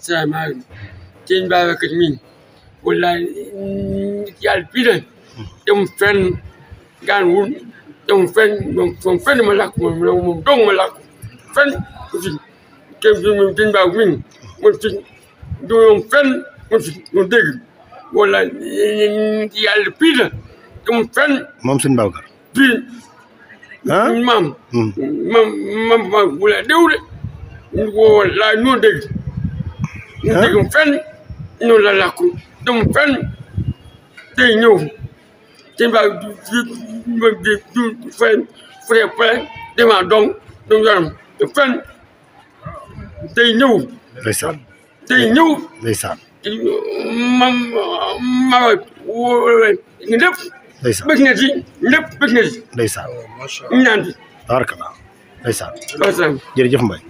Souleymane Dieng Babacar mi walaay yàlla bii de dem fenn gaan wul dem fenn moom fenn ma làkk moom moom dong ma làkk fenn aussi kër gi moom Dieng Babacar mi moom si du moom fenn moom si moom dégg walaay yàlla bii de dem fenn. moom suñu Babacar. bii. ah hmm. maam. maam maam walaay déwle. walaay ñoo dégg. ñu déglu fenn ñu la làkku dem fenn day ñëw te ba du du fenn fure fure dema dong du yaram te fenn day ñëw. ndeysaan day ñëw. ndeysaan ma ma wala lépp. ndeysaan bëgg na ci lépp bëgg na ci. ndeysaan. ñaan bi. tabaarkalla ndeysaan. jërëjëf Mbaye.